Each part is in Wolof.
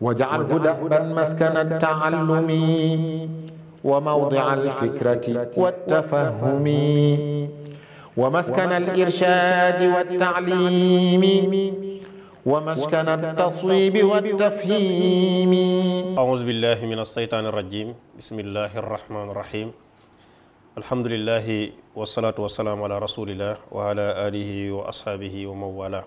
واجعله دأبا مسكن التعلم وموضع الفكرة والتفهم ومسكن الإرشاد والتعليم ومسكن التصويب والتفهيم أعوذ بالله من الشيطان الرجيم بسم الله الرحمن الرحيم الحمد لله والصلاة والسلام على رسول الله وعلى آله وأصحابه ومن والاه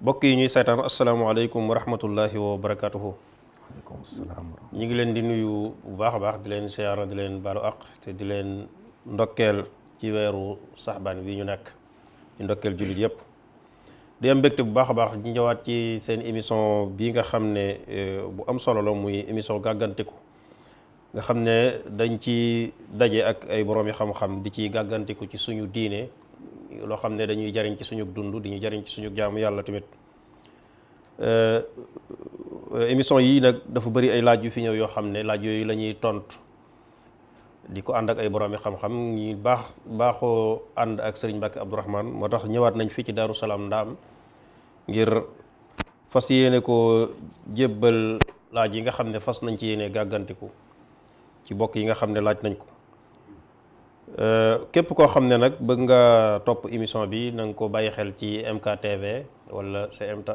mbokk yi ñuy saytaan asalaamaaleykum wa rahmatullahi wa barakatuhu waaleykum salaam ngi leen di nuyu bu baax a baax di leen siyaara di leen baalu àq te di leen ndokkeel ci weeru saxbaan wi ñu nekk di ndokkeel jullit yëpp di am mbégte bu baax a baax ñu ñëwaat ci seen émission bii nga xam ne eh, bu am solo la muy émission gàggantiku nga xam ne dañ ci daje ak ay boroomi xam-xam di ci gàggantiku ci suñu diine loo xam ne dañuy jariñ ci suñu dund di jariñ ci suñu jaamu yàlla tamit euh, euh, émission yi nag dafa bari ay laaj yu fi ñëw yoo xam ne laaj yooyu la ñuy tontu di ko ànd ak ay boroomi xam-xam ñi baax baaxoo ànd ak Serigne Mbacke Abdourahmane moo tax ñëwaat nañ fii ci Daaru Salaam Ndaam ngir fas yéene ko jébbal laaj yi nga xam ne fas nañ ci yéene gàggantiku ci bokk yi nga xam ne laaj nañ ko Euh, képp koo xam ne nag bëgg nga topp émission bi nanga ko bàyyi xel ci MKTV wala CMT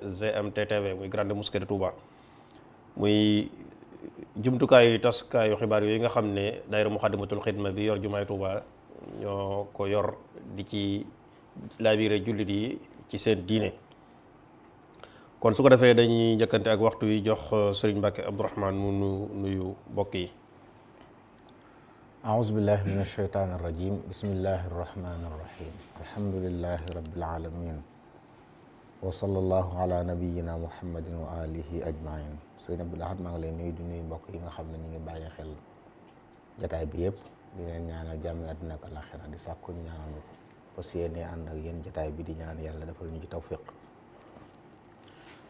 GMTTV muy Grande Mosquée de Touba muy jumtukaayu taskaayu xibaar yooyu nga xam ne daayira Muxaddamatul Xidma bi yor jumaay Touba ñoo ko yor di ci laabire jullit yi ci seen diine kon su ko defee dañuy njëkkante ak waxtu yi jox Serigne Mbacke Abdourahmane mu nu nuyu mbokk yi أعوذ بالله من الشيطان الرجيم بسم الله الرحمن الرحيم الحمد لله رب العالمين وصلى الله على نبينا محمد وآله أجمعين sëñ Abdou Lahad maa ngi lay nuyu di nuyu mbokk yi nga xam ne ñu ngi bàyyi xel jataay bi yëpp di leen ñaanal jàmm àddina di sàkku ñaanal ñu ko fas yéene ànd ak yéen jataay bi di ñaan yàlla defal ñu ci tawfiq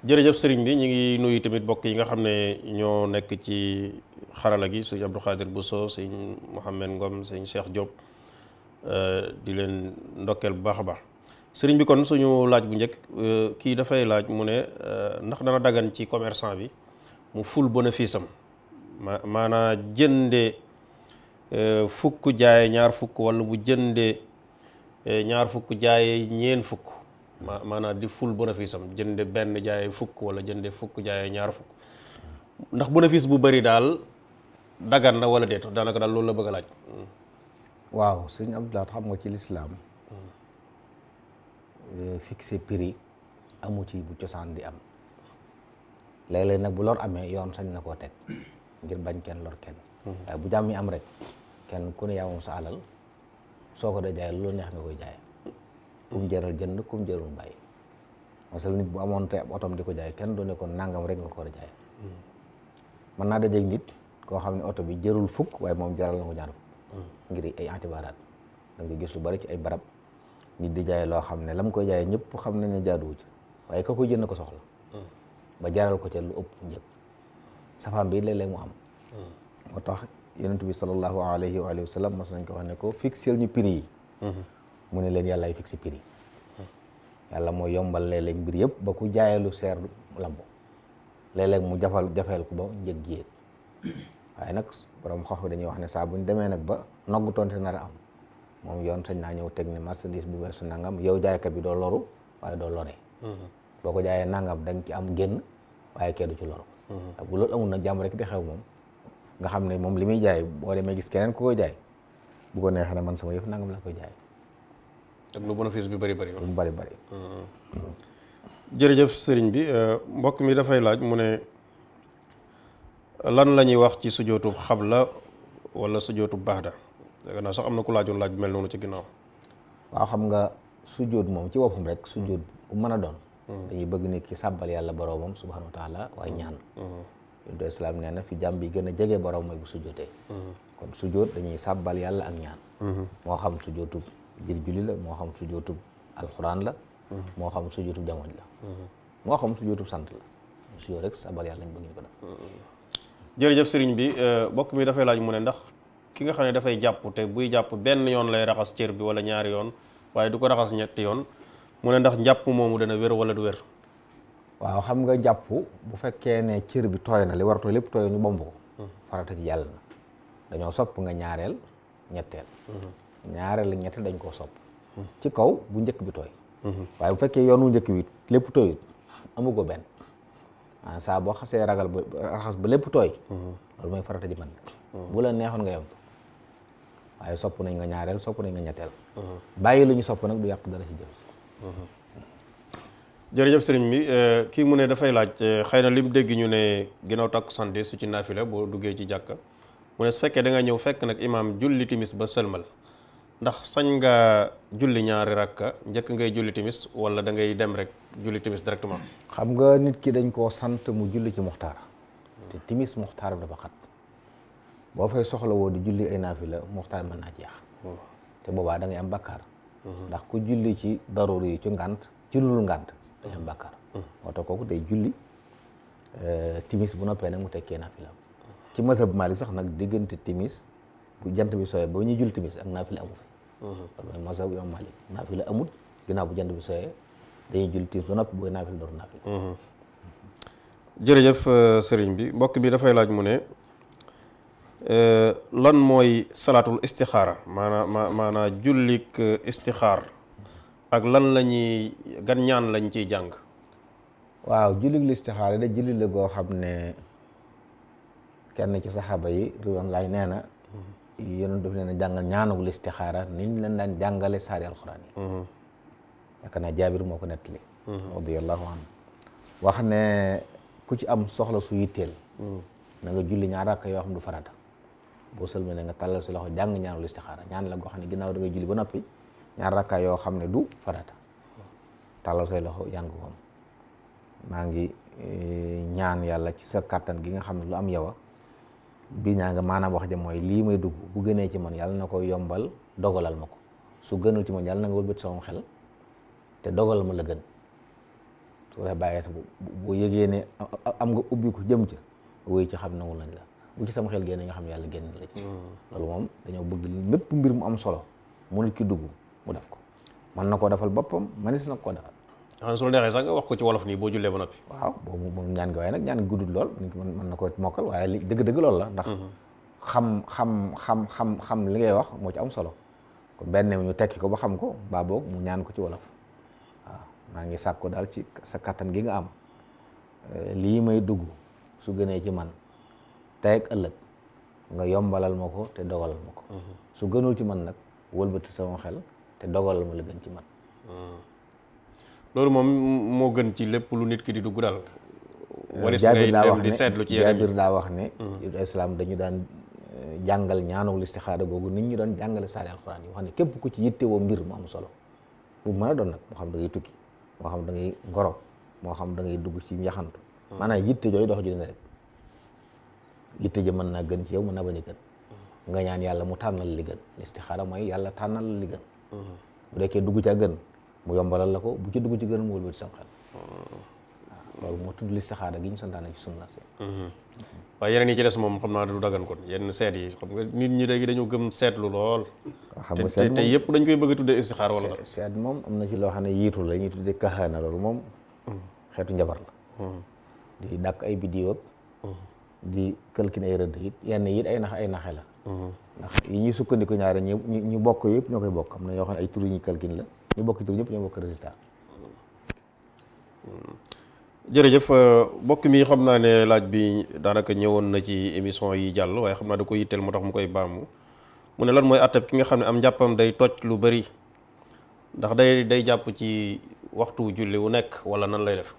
jërëjëf sëriñ bi ñu ngi nuyu tamit bokk yi nga xam ne ñoo nekk ci xarala gi sëñ Abdou Khadir Bousso sëñ Mouhamed Ngom sëñ Cheikh Diop euh, di leen ndokkeel bu baax a baax sëriñ bi kon suñu laaj bu njëkk euh, kii dafay laaj mu ne euh, ndax dana daggan ci commerçant bi mu ful bénéfice am ma maanaa jëndee fukk jaaye ñaar fukk wala bu jëndee ñaar fukk jaaye ñeen fukk ma maanaa di ful bénéfice jënde benn jaaye fukk wala jënde fukk jaaye ñaar fukk ndax bénéfice bu bari daal dagan na wala déet daanaka daal loolu la bëgg a laaj waaw sëñ Abdoulaye xam nga ci lislaam eh, fixé amu ci bu cosaan di am léeg-léeg nag bu lor amee yoon sañ na koo teg ngir bañ kenn lor kenn hmm. waaye bu jàmm am rek kenn ku ne yaa moom sa alal soo ko dee jaay lu neex nga koy jaay kum jaral jënd kum jaral bàyyi masal nit bu amoon te ab otom di ko jaay kenn du ne ko nangam rek nga ko a jaay hmm. mën naa dajeeg nit koo xam ne oto bi jërul fukk waaye moom jaral ko ñaar fukk hmm. ngir da nga bari ci ay barab nit di jaay loo xam ne la koy jaayee ñëpp xam nañ ne jaaduwu ci waaye ka koy jënd ko soxla hmm. ba jaral ko ca lu ëpp njëg safaan bi léeg-léeg mu am moo tax yonent bi sallallahu alayhi wa sallam mos nañ ko wax ne ko fixeel ñu prix yi mu ne leen yàlla fixé prix yi yàlla mooy yombal léeg mbir yëpp ba ku lu seer lamb léeg-léeg mu jafal jafeel ko ba njëg yéeg waaye nag borom xox bi dañuy wax ne saa bu ñu demee nag ba noggu tonte nar am moom yoon sañ naa ñëw teg ne marchandise bi nangam yow jaaykat bi doo loru waaye doo loree mm-hmm. boo ko jaayee nangam danga nga am génn waaye kenn du ci loru mm-hmm. bu loolu amul nag jàmm rek di xew moom nga xam ne moom li muy jaay boo demee gis keneen ku koy jaay bu ko neexee man sama yëf nangam la koy jaay ak lu bénéfice bi bari bari. bu bari bari. jërëjëf sëriñ bi euh, mbokk mi dafay laaj mu ne lan la ñuy wax ci sujootu xabla wala sujootu baxda dégg naa sox am na ku laajoon laaj mel noonu ci ginnaaw. waaw xam nga sujoot moom ci boppam rek sujoot mm-hmm. bu mën a doon. Mm-hmm. dañuy bëgg nit ki sàbbal yàlla boroomam subhaanahu wa taala waaye ñaan. Mm-hmm. yonent islaam nee na fi jàmm bi gën a jege boroom mooy bu sujootee. kon sujoot dañuy sàbbal yàlla ak ñaan. moo xam sujootu biir julli la moo xam sujootub alxuraan la mhm. moo xam sujootub jamono la mhm. moo xam sujootub sant la rek sabal yàlla ko def mhm. jërëjëf sëriñ bi euh, mbokk mi dafay laaj mu ne ndax ki nga xam ne dafay jàpp te buy jàpp benn yoon lay raxas cër bi wala ñaari yoon waaye du ko raxas ñetti yoon mu ne ndax njàpp moomu dana wér wala du wér waaw xam nga jàpp bu fekkee ne cër bi tooy na li war tooy lépp tooy ñu bomb ko farata yàlla na dañoo sopp nga ñaareel ñetteel ñaareel ñett dañ koo sopp hmm. ci kaw bu njëkk bi tooy hmm. waaye bu fekkee yoon wu njëkk bi lépp tooyut amu ko benn ah saa boo xasee ragal ba raxas ba lépp tooy hmm. loolu mooy farata man bu la neexoon nga yem waaye sopp nañ nga ñaareel sopp nañ nga ñetteel bàyyi lu sopp nag du yàq dara ci jëf jërëjëf sëriñ bi euh, kii mu ne dafay laaj euh, xëy na lim dégg ñu ne ginnaaw takku sante su ci naafila boo duggee ci jàkka mu ne su fekkee da nga ñëw fekk nag imaam julli timis ba sëlmal ndax sañ nga julli ñaari rakka njëkk ngay julli timis wala da ngay dem rek julli timis directement. xam nga nit ki dañ koo sant mu julli ci muxtaar te timis muxtaar bi dafa xat boo fay soxla woo di julli ay naafi la muxtaar mën naa jeex te boobaa da ngay am bakkaar ndax ku julli ci daruur yi ci ngànt ci lulul ngànt dañuy julli euh, timis bu noppee nag mu tekkee naafi la ci mazhab Maalik sax nag diggante timis bu jant bi sooyee ba ñuy julli timis ak naafi fi kon mooy mazhabu imam Malik naafila amul ginnaaw bu jant bi sooyee dañuy julli timis ba noppi booy naafila door naafila jërëjëf euh, sëriñ bi mbokk bi dafay laaj mu ne euh, lan mooy salaatul istixaara maanaa maanaa jullik euh, istixaar ak lan la gan ñaan lañ ciy jàng waaw jullik listixaara da julli la goo xam ne kenn ci saxaaba yi riwan laay nee na yéen daf leen a jàngal ñaanagul istixaara niñ leen daan jàngale saari alxuraan yi mhm. yaakaar naa jaabir moo ko nettali mhm. radiyallahu anhu wax ne ku ci am soxla su yitteel mhm. na julli ñaar rakk yoo xam du farata boo sëlmee ne nga tàllal si loxo jàng ñaanul istixaara ñaan la goo xam ne ginnaaw da nga ba noppi ñaar rakka yoo xam ne du farata tàllal say loxo jàng ko maa ngi eh, ñaan yàlla ci sa kàttan gi nga xam ne lu am yow bi ñaa nga maanaam wax ja mooy lii may dugg bu gënee ci man yàlla na ko yombal dogalal ma ko su gënul ci yàlla na nga wëlbati sama xel te dogalal ma la gën su la bàyyee sa bu yëgee ne am nga ubbi ko jëm ca wéy ci xam nangul nañ la bu ci sama xel génne nga xam yàlla génn la ci hmm. loolu moom dañoo bëgg mépp mbir mu am solo mu nit ki dugg mu def ko mën na koo defal boppam manis na koo defal xam su la neexee sax nga wax ko ci wolof nii boo jullee ba noppi waaw boobu moom ñaan nga waaye nag ñaan guddul lool mën na ko mokkal waaye li dëgg-dëgg loolu la ndax mhm. xam xam xam xam xam li ngay wax moo ci am solo kon benn ñu tekki ko ba xam ko ba boog mu ñaan ko ci wolof waaw maa ngi sàkku daal ci sa kattan gi nga am eh, lii may dugg su gënee ci man tey ëllëg nga yombalal ma ko te dogalal ma ko mhm. su gënul ci man nag wëlbati sama xel te dogalal ma la gën ci man mhm. loolu moom moo gën ci lépp lu nit ki di dugg daal. Euh, waris ngay dem di seetlu ci yeneen jaabir daa wax ne hmm. dañu daan euh, jàngal ñaanul istixaara googu nit ñu daan jàngale saari alxuraan yi wax ne képp ku ci yittewoo mbir mu am solo bu mën a doon nag moo xam da tukki moo xam da ngay ngoro moo xam dangay dugg ci yaxantu hmm. maanaam yitte jooyu dox ju ne rek yitte mën naa gën ci yow mën naa bañ a gën hmm. nga ñaan yàlla mu tànnal li gën istixaara mooy yàlla tànnal li gën bu dekkee dugg ca gën mu yombalal la ko bu ci dugg ci gën mu wëlbati sam xel loolu moo tudd li saxaada gi ñu santaane ci sunna si mm-hmm. waaye yeneen yi ci des moom xam naa du dagan kon yenn seet yi xam nga nit ñi léegi dañoo gëm seetlu lool te te yëpp dañ koy bëgg a tuddee istixaar wala seet moom am na ci loo xam ne yiitu la ñuy tuddee kaxaana loolu moom mm-hmm. xeetu njabar la mm-hmm. di dàkk ay biddiiw di kalkin ay rëdd it yenn yit ay nax ay naxe la ndax yi ñuy sukkandiku ñaare ñu ñu bokk yëpp ñoo koy bokk am na yoo xam ay tur yi kalkin la ñu bokk tur ñëpp ñoo bokk résultat. Hmm. jërëjëf euh, mbokk mi xam naa ne laaj bi daanaka ñëwoon na ci émission yi jàll waaye xam naa da ko yitteel moo tax mu koy baamu mu ne lan mooy àttab ki nga xam ne am njàppam day toj lu bari ndax day day jàpp ci waxtu julli wu nekk wala nan lay def.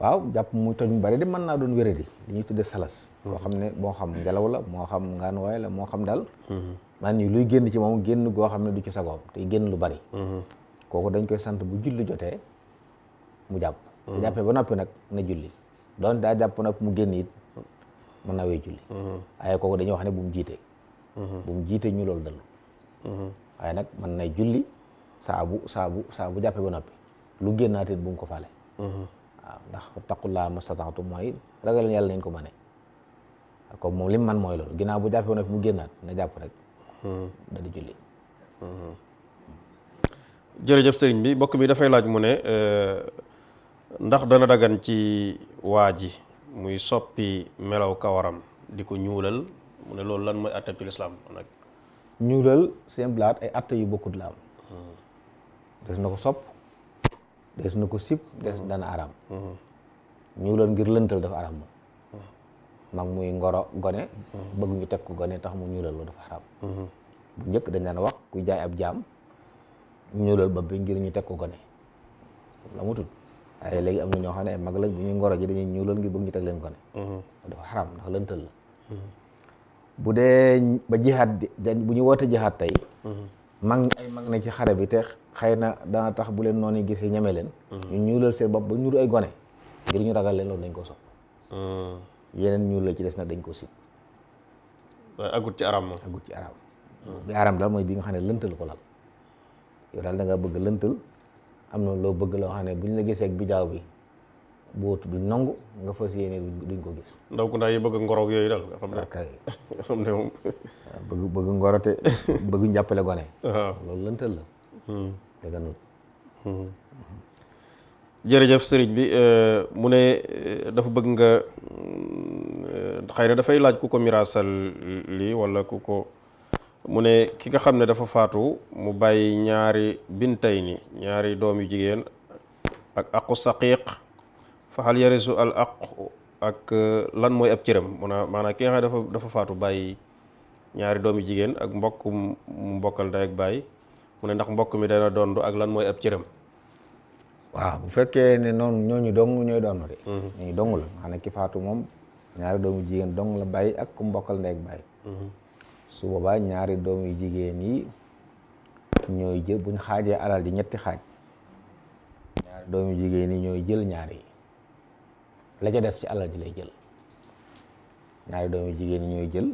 waaw jàpp mu toj mu bari de mën naa doon wéradi li ñuy tuddee salas. Hmm. moo xam ne moo xam ngelaw la moo xam ngaanuwaay la moo xam daal. Hmm. maanaam luy génn ci moom génn goo xam ne du ci sagoom te lu bari. kooku dañ koy sant bu julli jotee mu jàpp. bu hmm. ba noppi nag na julli doon daa jàpp nag mu génn it mën naa wee julli. ko hmm. kooku dañuy wax ne bu mu jiite. Hmm. jiite ñu loolu dellu. waaye nag mën na julli saabu saabu saabu jàppee ba noppi lu génn it bu mu ko faale. waaw ma taqullaa mastataatum mooy ragal yàlla nañ ko mane comme moom li mu man mooy loolu ginnaaw bu jàppee woon nag mu génnaat na jàpp rek da jërëjëf sëriñ bi mbokk mi dafay laaj mu ne euh, ndax dana dagan ci waa ji muy soppi melow kawaram di ko ñuulal mu ne loolu lan mooy atte ci lislaam nag ñuulal seen blaat ay atte yu bokkut la am des na ko sopp des na ko sip des mm-hmm. dana aram mm-hmm. ñuulal ngir lëntal dafa aram moom mm-hmm. mag muy ngoro gone bëgg ñu teg ko gone tax mu ñuulal loolu dafa aram bu njëkk dañ daan wax kuy jaay ab jaam ñuulal bopp bi ngir ñu teg ko gone la mu tudd waaye léegi am ñoo xam ne ay mag lañ bu ñu ngoro ji dañuy ñuulal ngir bëgg ñu teg leen gone mhm. dafa xaram ndax lëntal la mhm. bu dee ba jihaat di bu ñu woote jihaat tey mhm. mag ay mag na ci xare bi te xëy na dana tax bu leen noonu gisee ñeme leen ñu ñuulal seen bopp ba ñuuru ay gone ngir ñu ragal leen loolu dañ ko sopp yeneen ñuulal ci des nag dañ ko sib agut ci aram moom agut ci aram bi aram daal mooy bi nga xam ne lëntal ko lal yow daal da bëgg lëntal am na loo bëgg loo xam ne bu ñu la gisee ak bijaaw bi boo duñ nangu nga fas yéene duñ ko gis. ndaw ku ndaay yi bëgg ngoroog yooyu daal nga xam ne. nga ne moom. bëgg bëgg ngorote njàppale gone. loolu lëntal la. dëgg hmm. la. Hmm. jërëjëf sëriñ bi euh, mu ne euh, dafa bëgg nga euh, xëy na dafay laaj ku ko miraasal lii wala ku ko. mu ne ki nga xam ne dafa faatu mu bàyyi ñaari bintayni ñaari doom yu jigéen ak aqu saqiq faxal yarisu al aqu ak uh, lan mooy ab cëram muna maanaam ki nga dafa dafa faatu bàyyi ñaari doom jigéen ak mbokk mu mbokkal day mu ne ndax mbokk mi dana dondu ak lan mooy ab cëram waaw bu fekkee ne noonu ñooñu dong ñooy doonu de mm-hmm. ñooñu dong la maanaam ki faatu moom ñaari doomu jigéen dong la bàyyi ak mbokkal ndey ak bàyyi su boobaa ñaari doom yu jigéen yi ñooy jël buñ xaajee alal di ñetti xaaj ñaari doom yu jigéen yi ñooy jël ñaari la ca des ci alal ji lay jël ñaari doom yu jigéen yi ñooy jël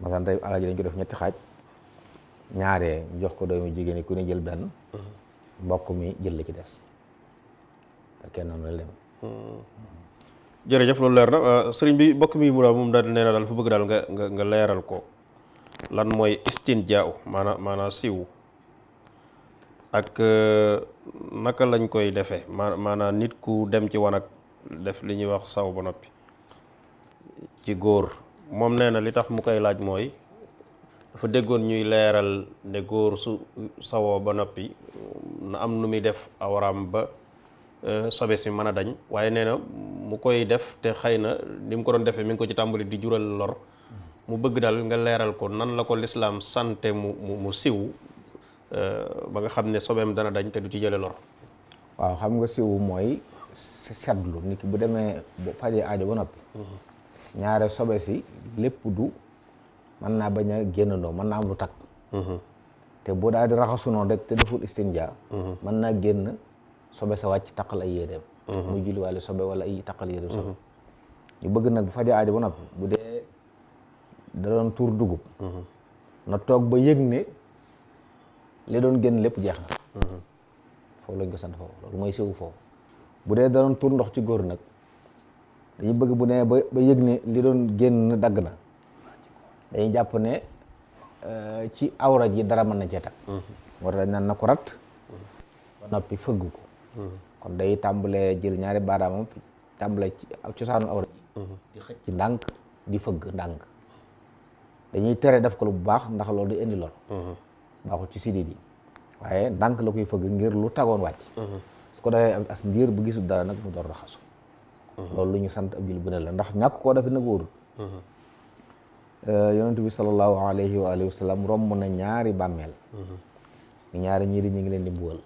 masan tey alal ji dañ def ñetti xaaj ñaaree ñu jox ko doom yu jigéen yi ku ne jël benn mbokk mi jël la ci des te kenn noonu la dem hmm. jërëjëf loolu leer na euh, sëriñ bi mbokk mi mu daal moom daal nee na fa bëgg daal nga nga nga leeral ko lan mooy istinjaaw maanaa maanaa siw ak euh, naka lañ koy defee maanaa nit ku dem ci wanag def li ñuy wax saw ba noppi ci góor moom nee na li tax mu koy laaj mooy dafa déggoon ñuy leeral ne góor su sawoo ba noppi na am nu muy def awraam ba euh, sobe si mën a dañ waaye nee mu koy def te xëy na ni mu ko doon defee mi ngi ko ci tàmbali di jural lor mu bëgg daal nga leeral ko nan la ko lislaam sante mu mu mu siw euh, ba nga xam ne mu dana dañ te du ci jële lor waaw xam nga siw mooy seetlu nit ki bu demee bu fajee aajo ba noppi mm-hmm. ñaare sobe si lépp du mën naa bañ a génnandoo mën naa am lu takk mm-hmm. te bu daal di raxasunoo rek te deful istinja mm-hmm. mën naa génn sobe sa wàcc taqal ay yéeneem muy uh-huh. julliwaale sobe wala ay taqal yëre sobe uh-huh. ñu bëgg nag bu faja aajo ba noppi bu dee da doon tuur dugub uh-huh. na toog ba yëg ne li doon génn lépp jeex na foofu lañ ko sant foofu mooy siwu foofu bu dee da doon ndox ci góor nag dañu bëgg bu nee ba ba yëg ne li doon génn dagg na dañuy jàpp ne euh, ci awra ji dara mën na cee tag war dañ naan na ko ba noppi fëgg kon day tàmbalee jël ñaari baaraamam tàmbalee ci cosaanu awra ji mhm. di xëcc ndànk di fëgg ndànk dañuy tere def ko lu bu baax ndax loolu di indi lool mhm. baaxul ci sidit yi waaye ndànk la koy fëgg ngir lu tagoon wàcc mhm. su ko defee as bu gisul dara nag mu door raxasu loolu lu ñu sant ab jul bu la ndax ñàkk koo defi nag wóorul euh, yonent bi sallallahu alayhi wa alihi wa sallam romb na ñaari bàmmeel ñaari ñiir di ñu ngi leen di mbugal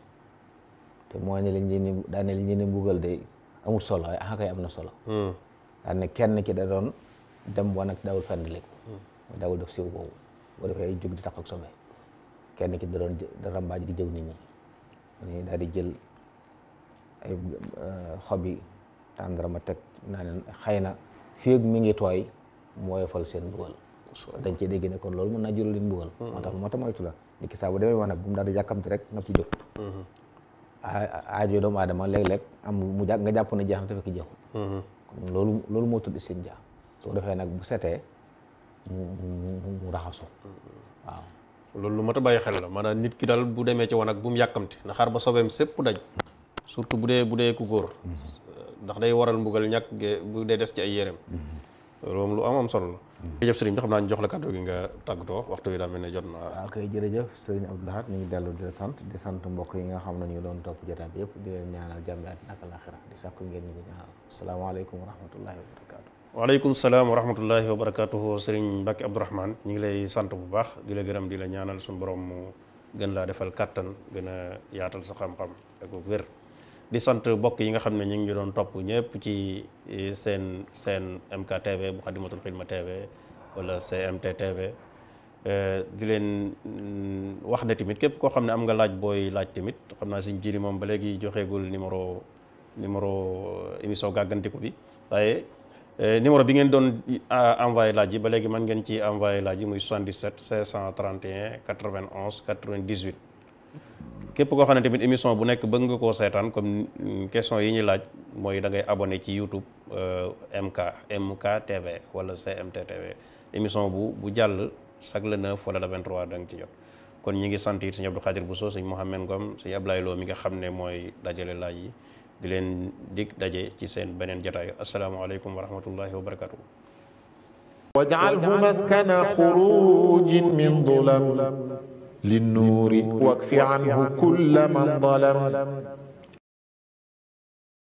te mooy ne lañ leen daan ne lañ leen mbugal day amul solo waaye am na solo hmm. daan kenn ki da doon dem wanag daawul fenn léegi hmm. daawul def siw boobu boo defee jóg di tax ak sobe kenn ki da doon da di jëw nit ñi dañuy daal di jël ay euh, xob yi ma teg naa leen xëy na fii ak ngi tooy mooy fal seen mbugal dañ cee dégg ne kon loolu mën naa jural leen mbugal hmm. moo tax moo tax moytu la nit ki saa bu demee wanag bu mu daal di yàkkamti rek nga ci jóg aajo doomu aadama léeg-léeg am mu nga jàpp na jeex na te fekk jeexul mhm. kon loolu loolu moo tudd istinja soo defee nag bu setee mu mu raxasu waaw loolu lu mat a bàyyi xel la maanaam nit ki daal bu demee ci wanag bu mu yàkkamti na xar ba sobeem sépp daj surtout bu dee bu dee ku góor mhm. ndax day waral mbugal ñàkk ge bu dee des ci ay yéreem mhm. loolu moom lu am am solo la. jërëjëf sëriñ bi xam naa ñu jox la kàddu gi nga tàggatoo waxtu wi daa mel ne jot na waaw ah, kay jërëjëf sëriñ Abdou Lahad ñu ngi dellu di la sant di sant mbokk yi nga xam ne ñu doon topp jotaay bi yëpp di leen ñaanal jàmm ak àllaaxira di sàkku ngeen ñu ko ñaanal salaamaaleykum wa rahmatullahi wa barakaatu. waaleykum salaam wa rahmatullahi wa barakaatuhu ñu ngi lay sant bu baax di la gërëm di la ñaanal suñu borom mu gën laa defal kàttan gën a yaatal sa xam-xam ak wër di sant mbokk yi nga xam ne ñu ngi ñu doon topp ñëpp ci e, seen seen MKTV bu Xadimatul Xidma TV wala CMT TV e, di leen mm, wax ne tamit képp koo xam ne am nga laaj booy laaj tamit xam naa suñ jiri moom ba léegi joxeegul numéro numéro e, émission gàggantiku bi waaye numéro bi ngeen doon envoyé laaj yi ba léegi mën ngeen ci envoyé laaj yi muy 77 531 91 98 képp koo xam ne tamit émission bu nekk bëgg nga koo seetaan comme question yi ñuy laaj mooy da ngay abonné ci YouTube euh, MK MK TV wala CMT TV émission bu bu jàll chaque le 9 wala le 23 da ci jot. kon ñi ngi sant it sëñ Abdou Khadir Bousso sëñ Mouhamed Ngom sëñ Ablaye Lo mi nga xam ne mooy dajale laaj yi di leen dig daje ci seen beneen jotaayu asalaamaaleykum wa rahmatullahi wa barakatuh واجعله مسكن خروج من ظلم linnuuri wakfi anhu kulla man dalam